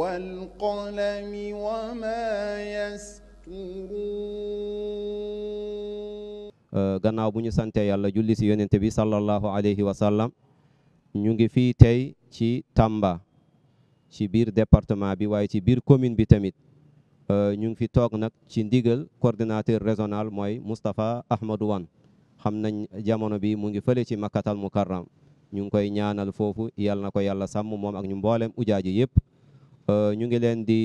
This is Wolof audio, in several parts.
والقلم وما يسطرون euh, gannaaw bu ñu sante yàlla julli si yonente bi sallallahu alayhi wa ñu ngi fii tey ci Tamba ci biir département bi waaye ci biir commune bi tamit euh, ñu ngi fi toog nag ci ndigal coordinateur régional mooy Moustapha Ahmadou Wane xam nañ jamono bi mu ngi fële ci Makkatal Mukarram ñu ngi koy ñaanal foofu yal na ko yàlla sàmm moom ak ñu mboolem ujaaji yëpp euh, ñu ngi leen di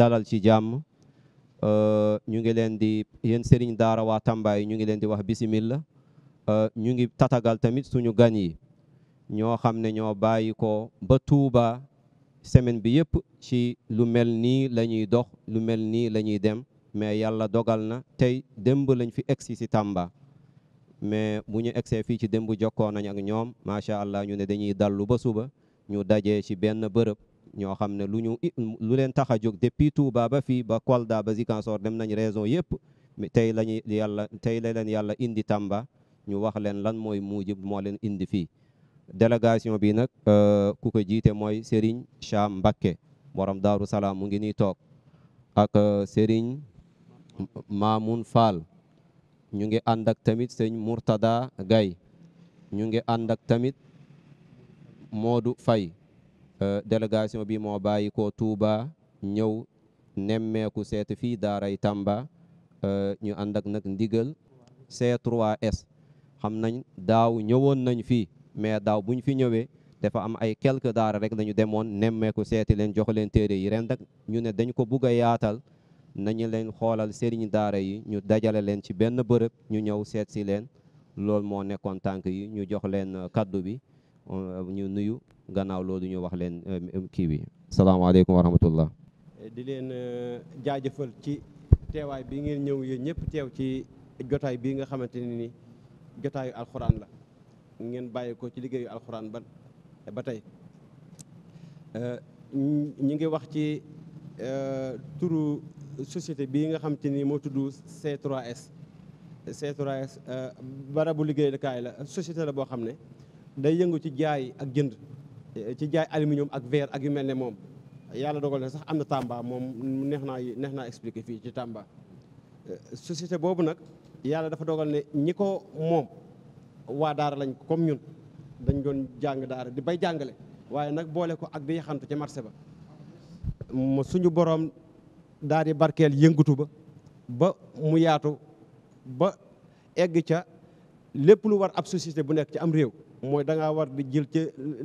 dalal ci jàmm euh, ñu ngi leen di yéen sëriñ daara waa Tamba yi ñu ngi leen di wax bisimilla euh, ñu ngi tatagal tamit suñu gan yi ñoo xam ne ñoo bàyyi ko ba Tuuba semaine bi yëpp ci lu mel nii lañuy dox lu mel nii la ñuy dem mais yàlla dogal na tey démb lañ fi egsi si Tamba mais bu ñu egsee fii ci démb jokkoo nañ ak ñoom macha allah ñu ne dañuy dallu ba suba ñu dajee ci benn bërëb ñoo xam ne lu ñu lu leen tax a jóg depuis Touba ba fii ba Kolda ba Ziguinchor dem nañ raison yëpp tey la ñuy yàlla tey la leen yàlla indi Tamba ñu wax leen lan mooy muujib moo leen indi fii. délégation bii nag euh, ku ko jiite mooy Serigne Cham Mbakke borom Daaru Salaam mu ngi nii toog ak euh, Serigne Mamoun Fall. ñu ngi ànd ak tamit sëñ Mourtada gay ñu ngi ànd ak tamit Modou Faye euh, délégation bi moo bàyyi ko Touba ñëw nemmeeku seet fii daaray Tamba euh, ñu ànd ak nag ndigal c 3 es xam nañ daaw ñëwoon nañ fii mais daaw buñ fi ñëwee dafa am ay quelques daara rek lañu demoon nemmeeku seeti leen jox leen téere yi ren nag ñu ne dañ ko bugg a yaatal nañu leen xoolal sëriñ daara yi ñu dajale leen ci benn bërëb ñu ñëw seet si leen loolu moo nekkoon tànk yi ñu jox leen euh, kaddu bi euh, ñu nuyu gannaaw loolu ñu wax leen euh, kii bi salaamaaleykum wa rahmatullah di leen jaajëfal ci teewaay bi ngeen ñëw yéen ñëpp teew ci jotaay bii nga xamante ne ni jotaayu alxuraan la ngeen bàyyi ko ci liggéeyu alxuraan ba ba tey ñu ngi wax ci turu société bii nga xam te ni moo tuddu C3S C3S barabu liggéeyukaay la société la boo xam ne day yëngu ci jaay ak jënd ci jaay aluminium ak verre ak yu mel ne moom yàlla dogal na sax am na Tamba moom neex naa neex naa expliqué fii ci Tamba euh, société boobu nag yàlla dafa dogal ne ñi ko moom waa daara lañ comme ñun dañ doon jàng daara di bay jàngale waaye nag boole ko ak bi yaxantu ci marché ba suñu boroom daal di barkeel yëngatu ba ba mu yaatu ba egg ca lépp lu war ab société bu nekk ci am réew mooy da ngaa war di jël ca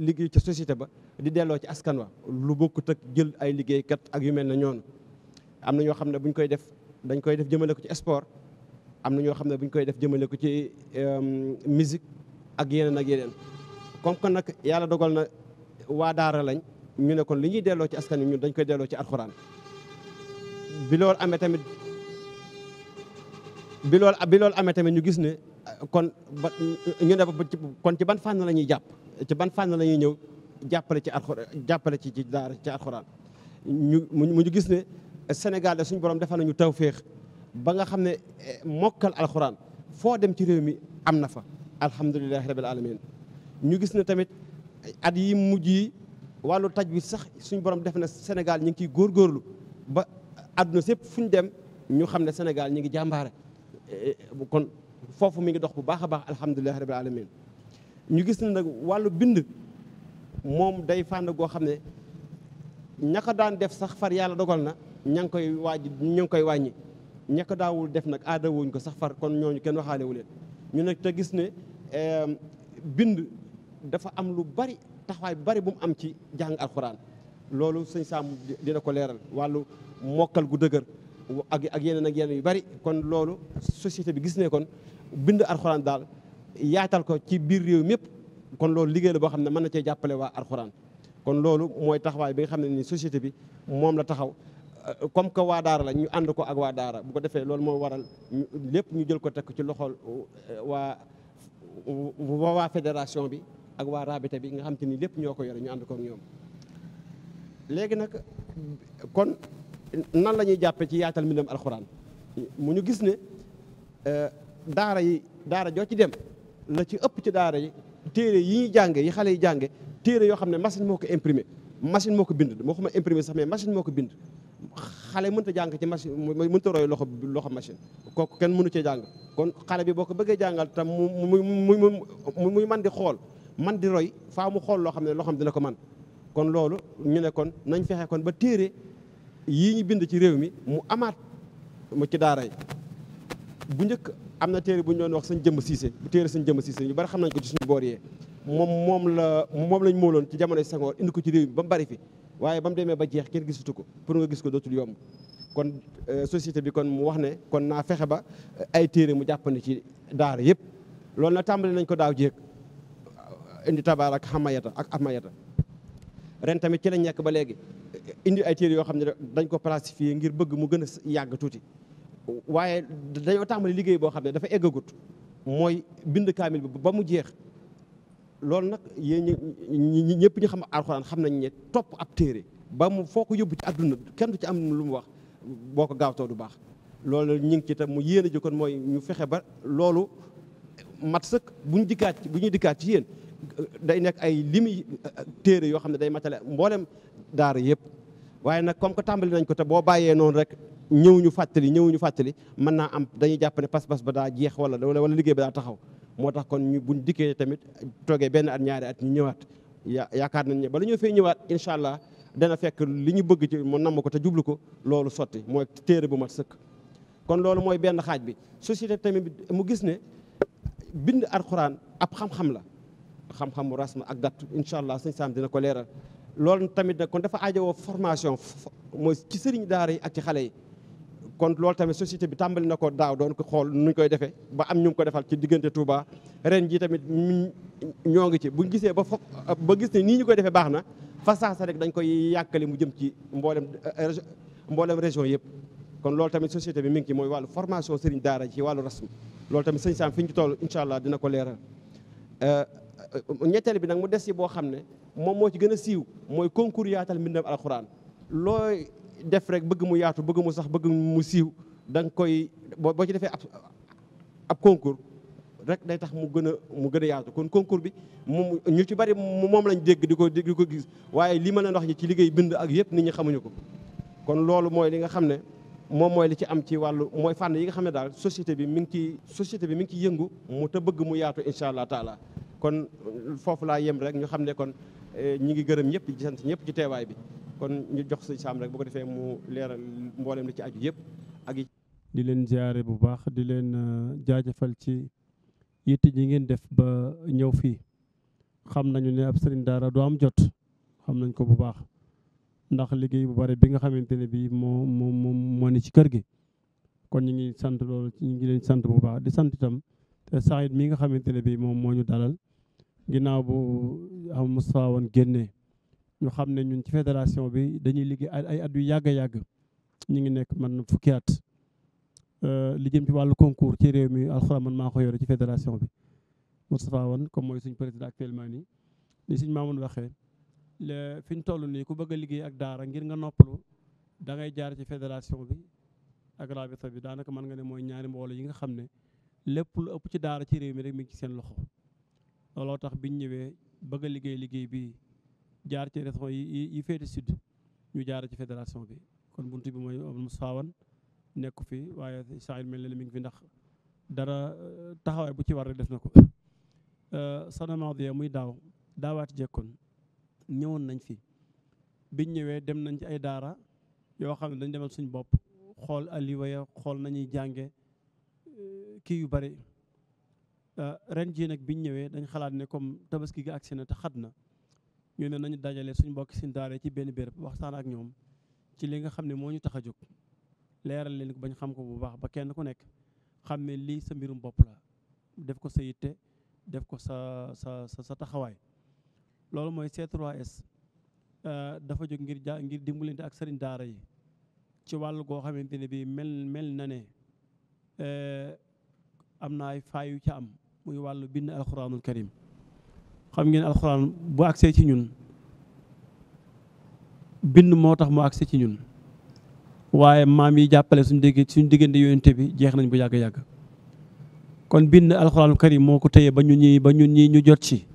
liggéey ca société ba di delloo ci askan wa lu bokkut ak jël ay liggéeykat ak yu mel ne ñoonu am na ñoo xam ne buñ koy def dañ koy def jëmale ko ci sport am na ñoo xam ne bu koy def jëmale ko ci euh, musique ak yeneen ak yeneen comme que nag yàlla dogal na waa daara lañ ñu ne kon li ñuy delloo ci askan wi ñun dañ koy delloo ci alxuraan bi loolu amee tamit bi loolu bi loolu amee tamit ñu gis ne kon ba ñu ne kon ci ban fànn la ñuy jàpp ci ban fànn la ñuy ñëw jàppale ci alxuraan jàppale ci ci daara ci alxuraan ñu mu ñu gis ne Sénégal suñ borom defal nañu tawféex ba nga xam ne eh, mokkal alxuraan foo dem ci réew mi am na fa alhamdulilahi rabil ñu gis ne tamit at yi mujj yi wàllu taj bi sax suñu borom def na Sénégal ñu ngi ciy góorgóorlu ba àdduna sépp fu ñu dem ñu xam ne Sénégal ñu ngi jàmbaare eh, kon foofu mu ngi dox bu baax a baax alhamdulilah rabil alamin ñu gis ne nag wàllu bind moom day fànn goo xam ne ña daan def sax far yàlla dogal na ña ngi koy waaj ña ngi koy wàññi ña daawul def nag aada wuñ ko sax far kon ñooñu kenn waxaale wu leen ñu nag te gis ne bind dafa am lu bari taxawaay bari bu mu am ci jàng alxuraan loolu sëñ Saam dina ko leeral wàllu mokkal gu dëgër ak ak yeneen ak yeneen yu bari kon loolu société bi gis ne kon bind alxuraan daal yaatal ko ci biir réew mépp kon loolu liggéey la boo xam ne mën na cee jàppale waa alxuraan kon loolu mooy taxawaay bi nga xam ne ni société bi moom la taxaw euh, comme que waa daara la ñu ànd ko ak waa daara bu ko defee loolu moo waral lépp ñu jël ko teg ci loxol euh, waa waa fédération bi ak waa rabita bi nga xam te ni lépp ñoo ko yore ñu ànd ko ñoom léegi nag kon nan la ñuy jàppee ci yaatal mbindam alxuraan mu ñu gis ne euh, daara yi daara joo ci dem la ci ëpp ci daara yi téere yi ñuy jànge yi xale yi jànge téere yoo xam ne machine moo ko imprimé machine moo ko bind moo ko ma imprimé sax mais machine moo ko bind xale mënta jàng ci machine mënta roy loxo loxo machine kooku kenn mënu cee jàng kon xale bi boo ko bëggee jàngal tam mu mu muy man di xool man di roy faa mu xool loo xam ne loo xam dina ko man kon loolu ñu ne kon nañ fexe kon ba téere yii ñu bind ci réew mi mu amaat mu ci daara yi bu njëkk am na téere bu ñu doon wax sëñ jëmb siise bu téere sëñ jëmb siise ñu bari xam nañ ko ci suñu boor yee moom moom la moom lañ mooloon ci jamonoy Senghor indi ko ci réew mi ba mu bari fi waaye ba mu demee ba jeex kenn gisatu ko pour nga gis ko dootul yomb kon euh, société bi kon mu wax ne kon naa fexe ba euh, ay téere mu jàppandi ci daara yëpp loolu na tàmbali nañ ko daaw jéeg indi tabaar ak ak amayata ren tamit ci la ñekk ba léegi indi ay téere yoo xam ne dañ ko plastifié ngir bëgg mu gën a yàgg tuuti waaye dañoo tàmbali liggéey boo xam ne dafa eggagut mooy bind kaamil bi ba mu jeex loolu nag yéen ñi ñëpp ñu xam alxuraan xam nañ ne topp ab téere ba mu foo ko yóbbu ci àdduna kenn du ci am lu mu wax boo ko gaawtoo du baax loolu ñu ngi ci tam mu yéen a jikkoon mooy ñu fexe ba loolu mat sëkk bu ñu dikkaat bu ñuy dikkaat ci yéen day nekk ay limi téere yoo xam ne day matale mboolem daara yëpp waaye nag comme que tàmbali nañ ko te boo bàyyee noonu rek ñëwuñu ñu fàttali ñëw fàttali mën naa am dañuy jàpp ne pas-pas ba daa jeex wala wala liggéey ba daa taxaw moo tax kon ñu buñ dikkee tamit toogee benn at ñaari at ñu ñëwaat ya yaakaar nañ ne bala ñu fee ñëwaat incha allah dana fekk li ñu bëgg ci mu namm ko te jublu ko loolu sotti mooy téere bu mat sëkk. kon loolu mooy benn xaaj bi société tamit mu gis ne bind alxuraan ab xam la. xam-xamu rasm ak gàtt incha allah sëñ Sam dina ko leeral loolu tamit nag kon dafa aajowoo formation mooy ci sëriñ daara yi ak ci xale yi kon loolu tamit société bi tàmbali na ko daaw doon ko xool nuñ koy defee ba am ñu ko defal ci diggante Touba ren ji tamit ñoo ngi ci buñ gisee ba fo ba gis ne nii ñu koy defee baax na fa saasa rek dañ koy yàkkale mu jëm ci mboolem eh, mboolem région yëpp kon loolu tamit société bi mi ngi ci mooy wàllu formation sëriñ daara ci wàllu rasm loolu tamit sëñ Sam fi ñu ci toll incha dina ko leeral eh, ñetteel bi nag mu des si boo xam ne moom moo ci gën a siiw mooy concours yaatal mbindam def rek bëgg mu yaatu bëgg mu sax bëgg mu siiw da koy boo ci defee ab ab rek day tax mu gën a mu gën a kon concours bi moom ñu ci bari moom lañ dégg di ko di ko gis waaye li ma leen wax ñi ci liggéey bind ak yëpp nit ñi xamuñu ko kon loolu mooy li nga xam ne moom mooy li ci am ci wàllu mooy fànn yi nga xam ne daal société bi mi ngi ciy société bi mi ngi ciy yëngu mu te bëgg mu yaatu incha allah taala kon euh, foofu laa yem rek ñu xam ne kon euh, ñi ngi gërëm ñëpp di sant ñëpp ci teewaay bi kon ñu jox sëñ Sam rek boo ko defee mu leeral mboolem li ci aju yëpp ak yi di leen ziare bu baax di leen euh, jaajëfal ci yitte ñi ngeen def ba ñëw fii xam nañu ne ab sëriñ daara du am jot xam nañ ko bu baax ndax liggéey bu bare bi nga xamante ne bii moo moo moo ne ci kër gi kon ñu ngi sant loolu ñu ngi leen sant bu baax di sant itam te saxit mi nga xamante ne bii moom moo ñu dalal ginnaaw bu euh, am Moustapha woon génnee ñu xam ne ñun ci fédération bi dañuy liggéey ay at yu yàgg a yàgg ñu ngi nekk man fukki at euh, li jëm ci wàllu concours ci réew mi alxuraan man maa ko yore ci fédération bi Moustapha woon comme mooy suñ président actuellement nii li suñ maamoon waxee fi ñu toll nii ku bëgg a liggéey ak daara ngir nga noppalu da ngay jaar ci fédération bi ak rabita bi daanaka mën nga ne mooy ñaari mboolo yi nga xam ne lépp lu ëpp ci daara ci réew mi rek mi ngi ci seen loxo looloo tax biñ ñëwee bëgg a liggéey liggéey bii jaar ci réseau yi yi féete sud ñu jaar ci fédération bi kon buntu bi mooy Moussa Wane nekk fi waaye Saïd mel ne mi ngi fi ndax dara euh, taxawaay bu ci war rek def na ko sana euh, maadiya muy daaw daawaati jekkoon ñëwoon nañ fi biñ ñëwee dem nañ ci ay daara yoo xam ne dañ demal suñ bopp xool aliwaya xool nañuy jànge euh, kii yu bari Euh, ren jii nag biñ ñëwee dañ xalaat ne comme tabaski gi agsi na te xat na ñu ne nañu dajale suñ mbokk suñ daara ci benn béréb waxtaan ak ñoom ci li nga xam ne moo ñu tax a jóg leeral leen ko bañ xam ko bu baax ba kenn ku nekk xam ne lii sa mbirum bopp la def ko sa yitte def ko sa sa sa taxawaay loolu mooy C3S euh, dafa jóg ngir ja ngir dimbalante ak sëriñ daara yi ci wàll goo xamante ne bii mel mel na ne euh, am na ay faayu ca am muy wàll bind alxuraanul karim xam ngeen alxuraan bu agsee ci ñun bind moo tax mu agsee ci ñun waaye maam yi jàppale suñ dégg suñ diggante yonent bi jeex nañ bu yàgg-yàgg kon bind alxuraanul karim moo ko téye ba ñu ñi ba ñun nii ñu jot ci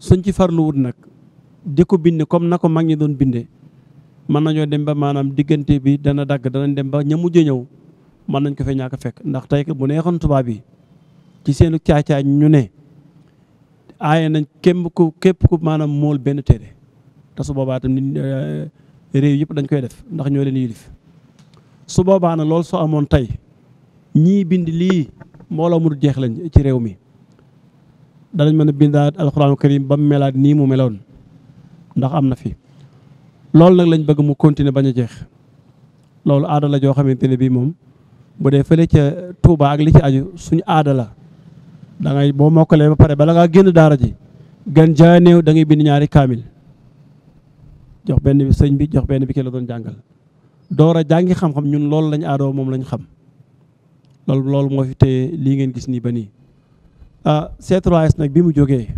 suñ ci far farluwut nag di ko bind comme na ko mag ñi doon binde mën nañoo dem ba maanaam diggante bi dana dagg danañ dem ba ña mujj ñëw mën nañ ko fee ñàkk fekk ndax tey bu neexoon tubaab yi ci seenu caacaa ñu ne aaye nañ képp ku képp ku maanaam mool benn téere te su boobaa tam nit euh, réew yëpp dañ koy def ndax ñoo leen yilif su boobaa na loolu soo amoon tey ñii bind lii mbooloo mu du jeex lañ ci réew mi danañ mën a bindaat alxuraanu karim ba mu melaat nii mu meloon ndax am na fi loolu nag lañ bëgg mu continuer bañu jeex loolu aada la joo xamante ne bii moom bu dee fële ca Touba ak li ci aju suñu aadala da ngay boo mokkalee ba pare bala ngaa génn daara ji gan jaa néew da bind ñaari kaamil jox benn bi sëñ bi jox benn bi ki la doon jàngal doora a jàngi xam-xam ñun loolu lañu aadoo moom lañ xam loolu loolu moo fi téye lii ngeen gis nii ba nii ah c 3 nag bi mu jógee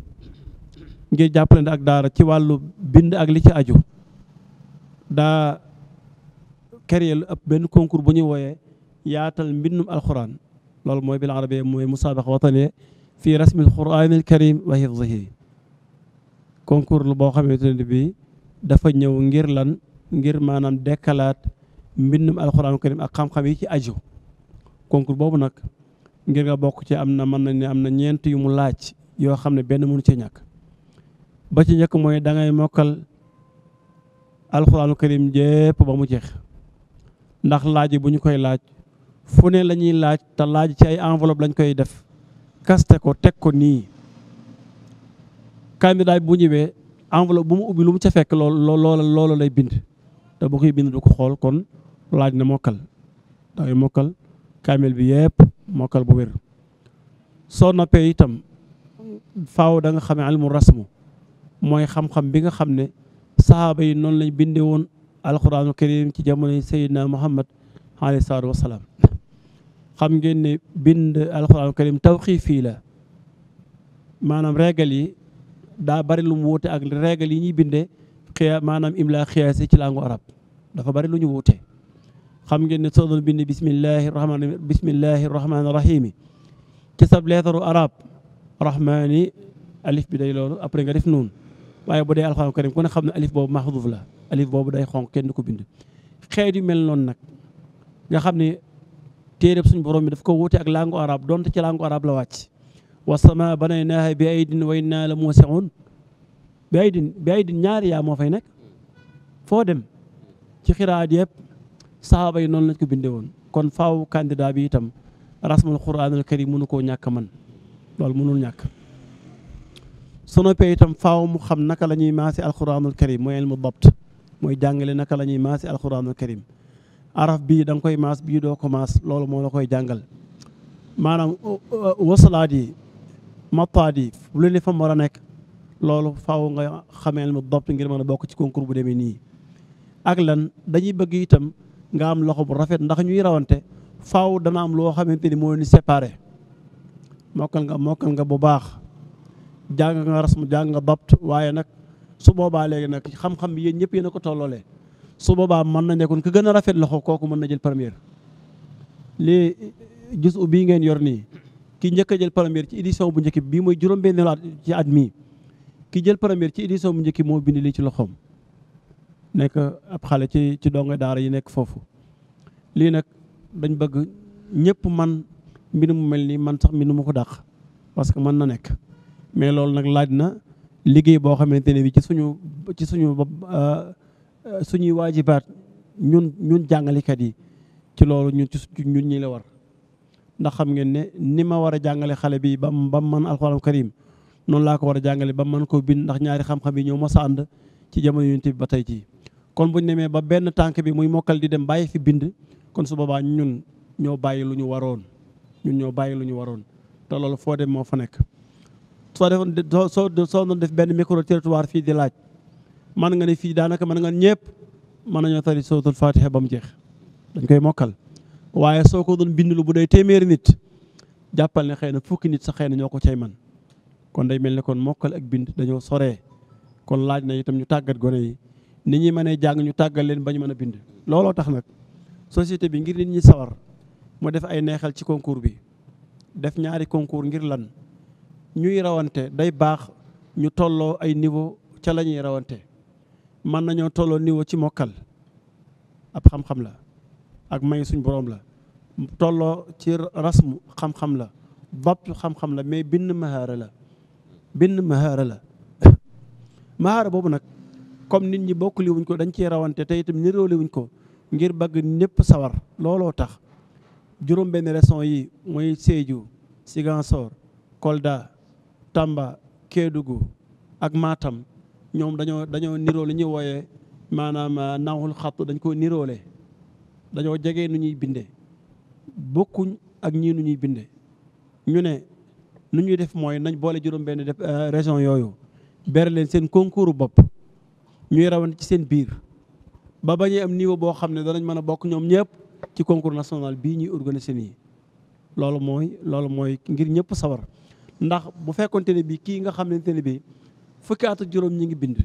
ngir jàppalante ak daara ci wàllu bind ak li ci aju daa créé lu benn concours bu ñuy wooyee yaatal mbindum alxuraan loolu mooy bil arabia mooy musaabaqa wataniya fii rasmi alquran alkarim wa hifdihi concours lu boo xamante ne bi dafa ñëw ngir lan ngir maanaam dekkalaat mbindum alquran karim ak xam-xam yi ci ajo concours boobu nag ngir nga bokk ci am na man nañ ne am na ñeent yu mu laaj yoo xam ne benn mënu ci ñàkk ba ci njëkk mooy dangay mokkal alxuraanu karim jépp ba mu jeex ndax laaj yi bu ñu koy laaj fu ne la ñuy laaj te laaj ci ay enveloppe lañ koy def kaste ko teg ko nii candidat bu ñëwee enveloppe bu mu ubbi lu mu ca fekk lool loola loola lay bind te bu bind du ko xool kon laaj na mokkal day mokkal kaamil bi yëpp mokkal bu wér soo noppee itam faw danga nga xamee almu rasmu mooy xam-xam bi nga xam ne sahaaba yi noonu lañ bindee woon alquraanu karim ci jamono yi sayyidina muhammad alayhi salaatu wasalaam xam ngeen ne bind alxuraan karim tawxiif yi la maanaam régal yi daa bari lu mu wuute ak régal yi ñuy bindee xiya maanaam imla xiyaasi ci langue arab dafa bari lu ñu wuute xam ngeen ne soo doon bind bismillahi rahmaani bismillahi rahmaani rahimi ci sab leetaru arab rahmaani alif bi day loolu après nga def noonu waaye bu dee alxuraan karim ku ne xam ne alif boobu maxduuf la alif boobu day xonq kenn du ko bind xeet yu mel noonu nag nga xam ne téereb suñu borom bi daf ko wuute ak langue arabe donte ci langue arabe la wàcc wasama banaynaaha bi aydin wa innaa la muusiun bi aydin bi aydin ñaari yaa moo fay nekk foo dem ci xiraat yëpp saxaaba yi noonu lañ ko bindee woon kon faaw candidat bi itam rasmul quraanul karim mënu koo ñàkk man loolu mënul ñàkk su noppee itam faaw mu xam naka la ñuy maase al karim mooy ilmu dabt mooy jàngale naka la ñuy maase alquranul karim araf bii da nga koy maas bii doo ko maas loolu moo la koy jàngal maanaam wasalaat yi mataat yi lu ne fa mu a nekk loolu faaw nga xameel mu dopt ngir mën a bokk ci concours bu demee nii ak lan dañuy bëgg itam nga am loxo bu rafet ndax ñuy rawante faaw dana am loo xamante ni moo ni séparé mokkal nga mokkal nga bu baax jàng nga mu jàng nga dopt waaye nag su boobaa léegi nag xam-xam bi yéen ñëpp yéen a ko tolloolee su boobaa mën na nekkoon ku gën a rafet loxo kooku mën na jël première. lii gis u bii ngeen yor nii ki njëkk jël première ci édition bu njëkk bii mooy juróom-benneelu at ci at ki jël première ci édition bu njëkk moo bind lii ci loxoom. nekk ab xale ci ci dongo daar yi nekk foofu lii nag dañ bëgg ñëpp man mbind mu mel nii man sax mbind mu ko dàq parce que mën na nekk mais loolu nag laaj na liggéey boo xamante ne bi ci suñu ci suñu euh, su euh, suñuy waajibaat ñun ñun jàngalekat yi ci loolu ñun ci ñun ñi la war ndax xam ngeen ne ni ma war a jàngale xale bi ba mu ba mu mën alxuraan karim noonu laa ko war a jàngale ba mën koo bind ndax ñaari xam-xam yi ñoo mos a ànd ci jamono yonent bi ba tey ci kon bu ñu demee ba benn tànk bi muy mokkal di dem bàyyi fi bind kon su boobaa ñun ñoo bàyyi lu ñu waroon ñun ñoo bàyyi lu ñu waroon te loolu foo dem moo fa nekk. soo defoon soo def benn micro territoire man nga ne fii daanaka mën nga ñëpp mën nañoo tari suratul fatiha ba mu jeex dañ koy mokkal waaye soo ko doon bindlu bu dee téeméeri nit jàppal ne xëy na fukki nit sa xëy na ñoo ko cay man kon day mel ne kon mokkal ak bind dañoo soree kon laaj na itam ñu tàggat gone yi nit ñi mënee jàng ñu tàggat leen ba ñu mën a bind looloo tax nag société bi ngir nit ñi sawar mu def ay neexal ci concours bi def ñaari concours ngir lan ñuy rawante day baax ñu tolloo ay niveau ca la ñuy rawante mën nañoo tolloo niveau ci mokkal ab xam la ak may suñ boroom la tolloo ci rasmu xam-xam la bopp xam-xam la mais bind mahaara la bind mahaara la mahaara boobu nag comme nit ñi bokkuli wuñ ko dañ cee rawante te itam nirooli wuñ ko ngir bagg ñëpp sawar looloo tax juróom benn région yi muy Sédhiou Ziguinchor Kolda Tamba Kédougou ak maatam ñoom dañoo dañoo niroo li ñuy wooyee maanaam euh, nawul xat dañ ko niroole dañoo jege nu ñuy bindee bokkuñ ak ñii nu ñuy binde ñu ne nu ñuy def mooy nañ boole juróom-benn def euh, région yooyu bere leen seen concours bopp ñuy rawante ci seen biir ba bañee am niveau boo xam ne danañ mën a bokk ñoom ñëpp ci concours national bii ñuy organiser nii loolu mooy loolu mooy ngir ñëpp sawar ndax bu fekkonte ne bi kii nga xamante ne bi fukki at juróom ñi ngi bind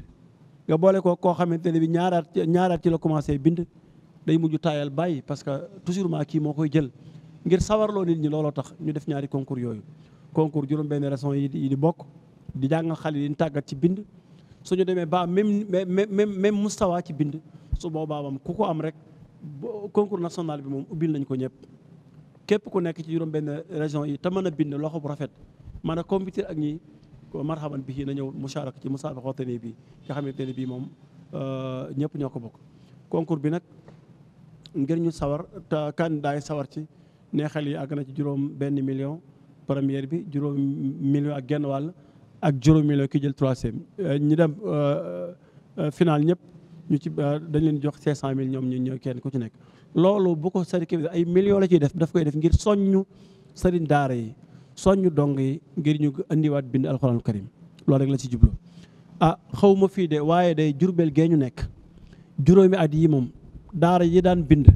nga boole koo koo xamante ne bi ñaaraat ñaarat ci la commencé bind day mujj taayal bàyyi parce que toujours maa kii moo koy jël ngir sawarloo nit ñi looloo tax ñu def ñaari concours yooyu concours juróom benn raison yi di bokk di jàngal xale yi di tàggat ci bind ñu demee ba même même même mustawa ci bind su boobaa moom ku ko am rek concours nationale bi moom ubbil nañ ko ñëpp képp ku nekk ci juróom benn région yi te mën a bind loxo bu rafet mën a compétir ko marhaban bi na ñëw musaarak ci musaabaqa watani bi nga xamante ne bii moom euh, ñëpp ñoo ko bokk concours bi nag ngir ñu sawar te candidat yi sawar ci neexal yi àgg na ci juróom benn million première bi juróom million ak genn wàll ak juróom million ki jël troisième euh, ñi dem euh, final ñëpp ñu ci dañ leen jox cinq cent mille ñoom ñu ñooy kenn ku ci nekk loolu bu ko sari ay million la ciy def daf koy def ngir soññu sëriñ daara yi soññu dong yi ngir ñu indiwaat bind alxuraanul karim loolu rek la ci jublu ah xawma fii de waaye day jurbel gee ñu nekk juróomi at yi moom daara yi daal bind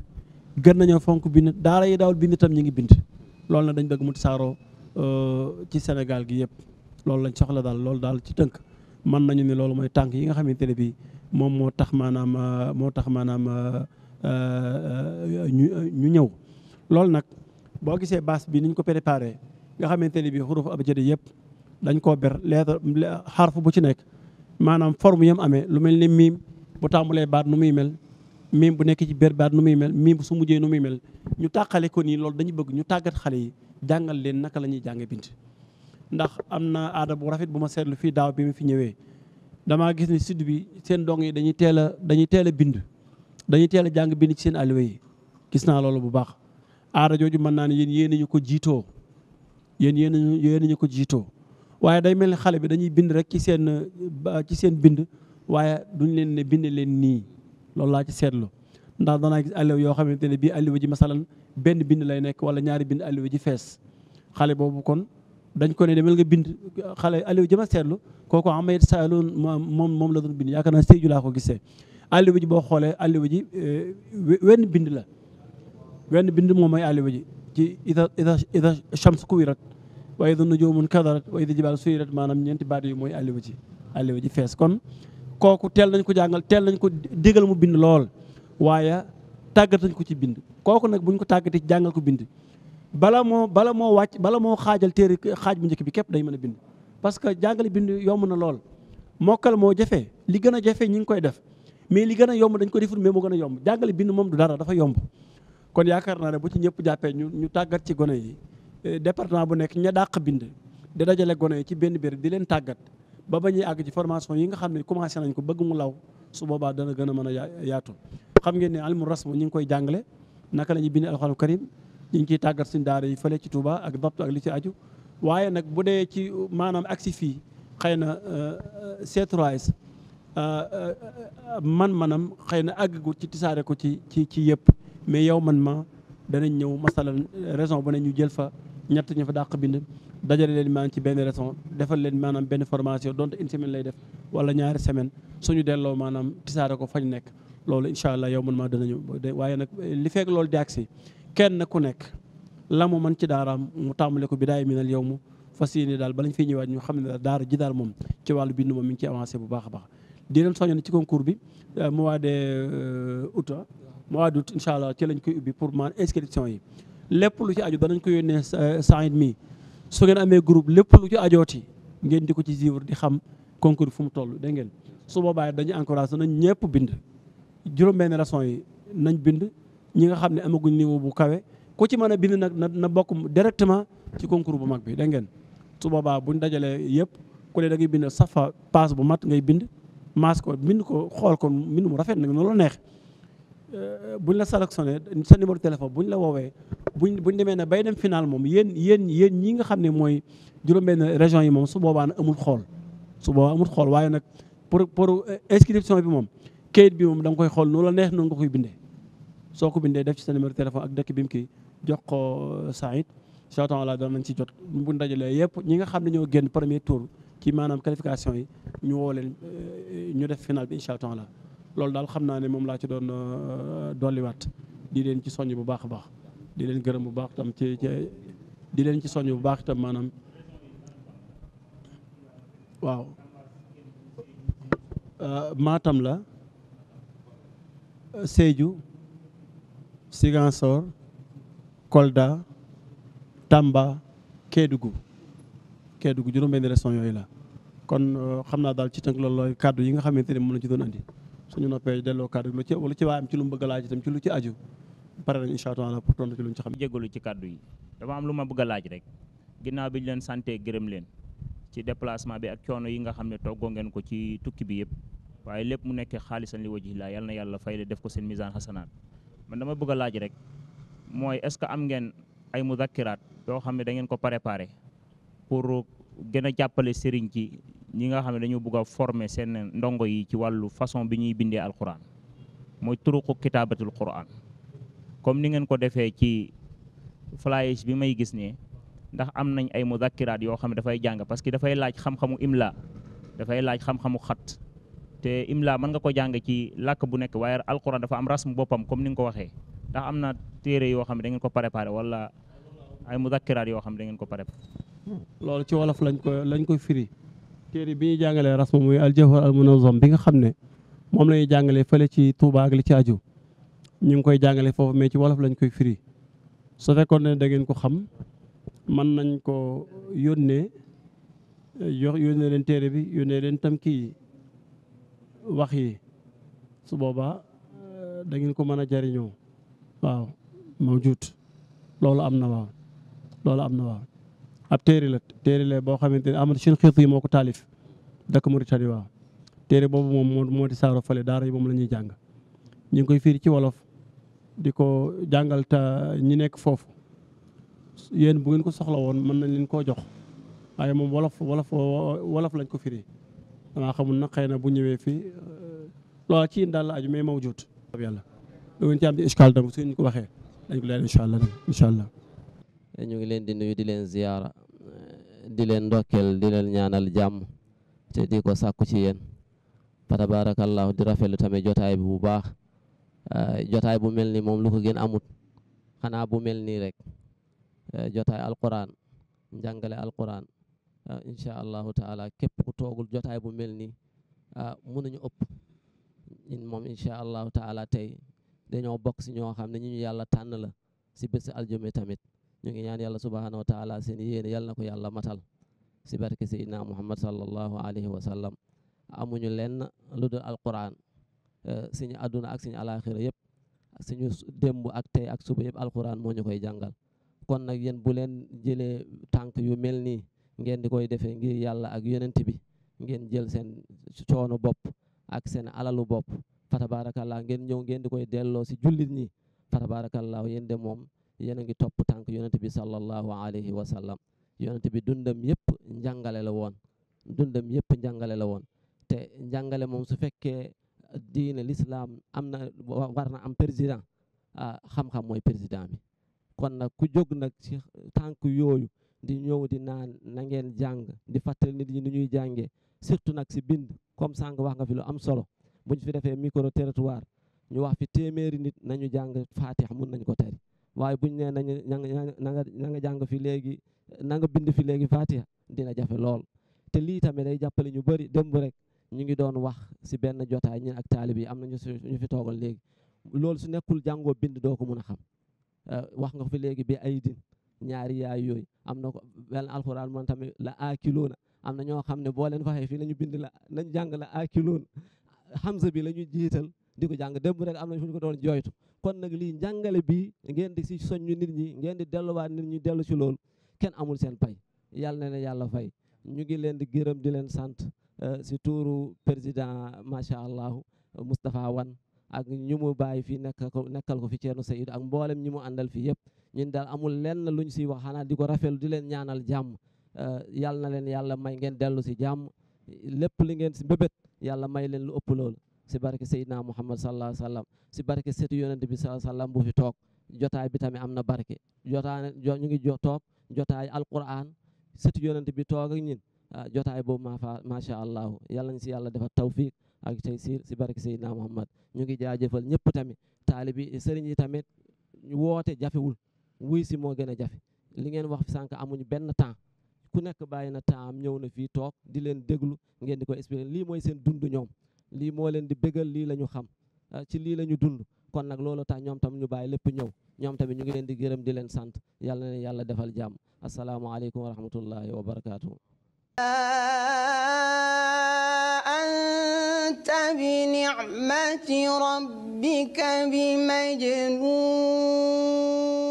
gën nañoo fonk bind daara yi daawul bind itam ñu ngi bind loolu na dañ bëgg mu tasaaroo euh, ci Sénégal gi yëpp loolu lañ soxla daal loolu daal ci tënk mën nañu ni loolu mooy tànk yi nga xamante ne bii moom moo tax maanaam euh, moo tax maanaam euh, ñu ñëw loolu nag boo gisee baas bi niñ ko préparé nga xamante ne bii xuruf abjadi yëpp dañ koo ber lettre xarf bu ci nekk maanaam forme yem amee lu mel ni miim bu tàmbalee baat nu muy mel miim bu nekk ci ber baat muy mel miim su mujjee nu muy mel ñu tàqale ko nii loolu dañuy bëgg ñu tàggat xale yi jàngal leen naka la ñuy jànge bind ndax am naa aada bu rafet bu ma seetlu fii daaw bi mu fi ñëwee damaa gis ni sud bi seen dong yi dañuy teel a dañuy teel a bind dañuy teel a jàng bind ci seen alluwa yi gis naa loolu bu baax aada jooju mën naa ne yéen yéen ñu ko jiitoo yéen yéen yéen ñu ko jiitoo waaye day mel ni xale bi dañuy bind rek ci seen ci seen bind waaye duñ leen ne bind leen nii loolu laa ci seetlu ndax danaa gis alléw yoo xamante ne bii alléw ji masalan benn bind lay nekk wala ñaari bind alléw ji fees xale boobu kon dañ ko ne demal nga bind xale alléw ji ma seetlu kooku amayet saaloon moom moom la doon bind yaakaar naa séju laa ko gisee alléw ji boo xoolee alléw ji eh, wenn bind la wenn bind moom mooy alléw ji ci ida ida ida shams kuwirat wa ida nujumun kadarat wa ida jibaal suyirat maanaam ñeenti baat yu mooy àlliwa ji àlliwa ji fees kon kooku teel nañ ko jàngal teel nañ ko digal mu bind lool waaye tàggat nañ ko ci bind kooku nag buñ ko tàggatee ci jàngal ko bind bala moo bala moo wàcc bala moo xaajal téere xaaj bu njëkk bi képp day mën a bind parce que jàngale bind yomb na lool mokkal moo jafe li gën a jafe ñi ngi koy def mais li gën a yomb dañ ko deful mais a yomb jàngale bind moom du dara dafa yomb kon yaakaar naa ne boo ci ñëpp jàppee ñu ñu tàggat ci gone yi eh, département bu nekk ña dàq bind di dajale gone yi ci benn béréb di leen tàggat ba ba ñuy àgg ci formation yi nga xam ne commencé nañ ko bëgg mu law su boobaa dana gën a mën a yaatu xam ngeen ne alimu rasmu ñu ngi koy jàngale naka la ñuy bindee alxuraan karim ñu ngi ciy tàggat suñu daara yi fële ci Touba ak Dabtu ak li ci aju waaye nag bu dee ci maanaam agsi fii xëy na eh, c 3 eh, man manam xëy na àgg gu ci tisaare ko ci ci ci yëpp mais yow man ma danañ ñëw masalan raison bu ne ñu jël fa ñett ñu fa dàq bind dajale leen maanaam ci benn raison defal leen maanaam benn formation donte une semaine lay def wala ñaari semaine suñu delloo maanaam tisaare ko fañ nekk loolu incha allah yow man ma dana ñëw waaye nag li fekk loolu di si kenn ku nekk la mu mën ci daaram mu tàmbale ko bidaay minal yow mu fas yéene daal balañ fiy ñëwaat ñu xam ne daara ji daal moom ci wàllu moom mi ngi ci avancé bu baax a baax di leen soññoon ci concours bi euh, mois de euh, août mois d'août incha allah ci lañ koy ubbi pour man inscription yi lépp lu ci aju danañ ko yónnee saa euh, mi su ngeen amee groupe lépp lu ci ajooti ngeen di ko ci suivre di xam concours fu mu toll dégg ngeen su boobaa dañuy encouragé nañ ñëpp bind juróom-benn raison yi nañ bind ñi nga xam ne amaguñ niveau bu kawe ku ci mën a bind nag na bokk directement ci concours bu mag bi dégg ngeen su boobaa buñ dajalee yëpp ku ne da bind safa paas bu mat ngay bind maas ko bind ko xool ko mbind mu rafet nag noonu la neex Euh, buñ la sélectionné sa numéro téléphone buñ la woowee buñ buñ demee ne bay dem final moom yéen yéen yéen ñi nga xam ne mooy juróom-benn région yi moom su boobaa nag amul xool su boobaa amul xool waaye nag pour pour euh, inscription bi moom kayit bi moom da nga koy xool noonu la neex noonu nga koy bindee soo ko bindee def ci sa numéro téléphone ak dëkk bi mu kii jox ko euh, Saïd incha allah doon nañ ci jot bu ñu dajalee yëpp ñi nga xam ne ñoo génn premier tour ci maanaam qualification yi ñu woo leen ñu def final bi incha loolu daal xam naa ne moom laa ci doon euh, dolliwaat di leen ci soññ bu baax a baax di leen gërëm bu baax tam ci di leen ci soññ bu baax itam maanaam waaw euh, maatam la Sédhiou Ziguinchor Kolda Tamba Kédougou Kédougou juróom-benn région yooyu la kon euh, xam naa daal ci tënk lool looy kàddu yi nga xamante ne moom la ci doon andi suñu noppee delloo kàddu lu ci lu ci waayam ci lu mu bëgg a laaj itam ci lu ci aju pare nañ incha allah pour tontu ci lu ñu ci xam. jégalu ci kàddu yi dama am lu ma bëgg laaj rek ginnaaw bi leen santé gërëm leen ci déplacement bi ak coono yi nga xam ne toggoo ngeen ko ci tukki bi yëpp waaye lépp mu nekkee xaalisan li wajhi laa yal na yàlla fay def ko seen misaan xasanaat man dama bëgg a laaj rek mooy est-ce que am ngeen ay mudakkiraat yoo xam ne da ngeen ko préparé pour gën a jàppale sëriñ ci ñi nga xam ne dañu bëgg a former seen ndongo yi ci wàllu façon bi ñuy bindee alquran mooy turuqu kitaabatul quran comme ni ngeen ko defee ci flyers bi may gis ne ndax am nañ ay muzakiraat yoo xam ne dafay jàng parce que dafay laaj xam-xamu imla laaj xam-xamu xat te imla mën nga ko jàng ci làkk bu nekk waaye alquran dafa am rasmu boppam comme ni nga ko waxee ndax am na téere yoo xam ne ko préparé wala ay muzakiraat yoo xam ne da ngeen ko préparé. Hmm, loolu ci wolof lañ koy firi. téere bi ñuy jàngalee rasmu muy aljawhar al munazam bi nga xam ne moom lañuy jàngalee fële ci Touba ak li ci ajo ñu ngi koy jàngalee foofu mais ci wolof lañu koy firi su fekkoon ne da ngeen ko xam man nañ ko yónnee jox yónnee leen téere bi yónnee leen tam kii wax yi su boobaa da ngeen ko mën a jariñoo waaw mawjud loolu am na loolu am na waaw ab téere la téere la boo xamante ne Ahmad Chine xiit yi moo ko taalif dëkk Mauritanie waaw téere boobu moom moo moo di saaro fale daara yi moom la ñuy jàng ñu ngi koy fiir ci wolof di ko jàngal te ñi nekk foofu yéen bu ngeen ko soxla woon mën nañ leen koo jox waaye moom wolof wolof wolof lañ ko firi danaa xamul nag xëy na bu ñëwee fii euh, loola ci daal la aju mais mawjud yàlla lu ngeen ci am di iskaal tam suñu ko waxee dañ ko leen incha allah allah ñu ngi leen di nuyu di leen ziyaara di leen ndokkeel di leen ñaanal jàmm te di ko sàkku ci yen fa tabaarakallaahu di rafetlu tamit jotaay bi bu baax eh, jotaay bu mel ni moom lu ko gën amut xanaa bu mel nii rek eh, jotaay alquran njàngale alquran eh, incha allahu taala képp ku toogul jotaay bu mel nii mënuñu ëpp moom incha allahu taala tey dañoo bokk si ñoo xam ne ñu ñu yàlla tànn la si bési aljuma tamit ñu ngi ñaan yàlla subhaanahu wa taala seen yéene yàlla ko yàlla matal si barke Seydina Muhammad sallallahu alayhi wa sallam amuñu leen lu dul alquran eh, suñu àdduna ak suñu alaxira yëpp suñu démb ak tey ak suba yëpp alquran moo ñu koy jàngal kon nag yéen bu leen jëlee tànk yu mel ni ngeen di koy defee ngir yàlla ak yonent bi ngeen jël seen coono bopp ak seen alalu bopp fa tabaarakallaa ngeen ñëw ngeen di koy delloo si jullit ñi fa tabaarakallaa yéen de moom yéen a ngi topp tànk yonent bi sallallahu alayhi wa sallam yonent bi dundam yëpp njàngale la woon dundam yëpp njàngale la woon te njàngale moom su fekkee diine lislaam am na war na am président xam-xam mooy président bi kon nag ku jóg nag ci tànk yooyu di ñëw di naan na ngeen jàng di fàttali nit ñi di ñuy jàngee surtout nag si bind comme sànq wax nga fi lu am solo bu ñu fi defee micro territoire ñu wax fi téeméeri nit nañu jàng faatix mun nañ ko tari waaye buñ nee nañu na nga na nga jàng fi léegi na nga bind fi léegi Fatiha dina jafe lool te lii tamit day jàppale ñu bëri démb rek ñu ngi doon wax si benn jotaay ñun ak taalib yi am na ñu fi toogal léegi loolu su nekkul jàngoo bind doo ko mën a xam euh, wax nga fi léegi bi ay din ñaari yaay yooyu am na ko benn alxuraan moom tamit am na ñoo xam ne boo leen waxee fii la ñu bind la nañ jàng la aakiluuna hamza bi la jiital di ko jàng démb rek am na fu ñu ko doon jooytu kon nag lii njàngale bi ngeen di si soññu nit ñi ngeen di delluwaat nit ñi dellu si loolu kenn amul seen pay yàlla na yàlla fay ñu ngi leen di gërëm di leen sant euh, si tuuru président macha allah Moustapha Wane ak ñu mu bàyyi fii nekk ko nekkal ko fi Thierno Seydou ak mboolem ñi mu àndal fii yëpp ñun daal amul lenn luñ siy wax xanaa di ko rafetlu di leen ñaanal jàmm euh, yàlla na leen yàlla may ngeen dellu si jàmm lépp li ngeen si mbébét yàlla may leen lu ëpp loolu si barke Seydina Muhammad sallallahu alayhi wa sallam si barke setu yonent bi sallallahu alayhi wa sallam bu fi toog jotaay bi tamit am na barke jotaay ñu ngi toog jotaay alquran setu yonent bi toog ak ñin ah, jotaay boobu maa fa macha allah yàlla ñu si yàlla defal tawfiq ak taysir si barke Seydina Muhammad ñu ngi jaajëfal ñëpp tamit taalibi sëriñ yi tamit woote jafewul wuy si moo gën a jafe li ngeen wax fi sànq amuñu benn temps ku nekk bàyyi na temps am ñëw na fii toog di leen déglu ngeen di ko expliqué lii mooy seen dund ñoom lii moo leen di bégal lii la ñu xam ah, ci lii la ñu dund kon nag loolu tax ñoom tam ñu bàyyi lépp ñëw ñoom tamit ñu ngi leen di gërëm di leen sant yàlla na yàlla defal jàmm asalaamaaleykum wa rahmatullahi wa barakaatu. anta bi ni'mati rabbika bi majnun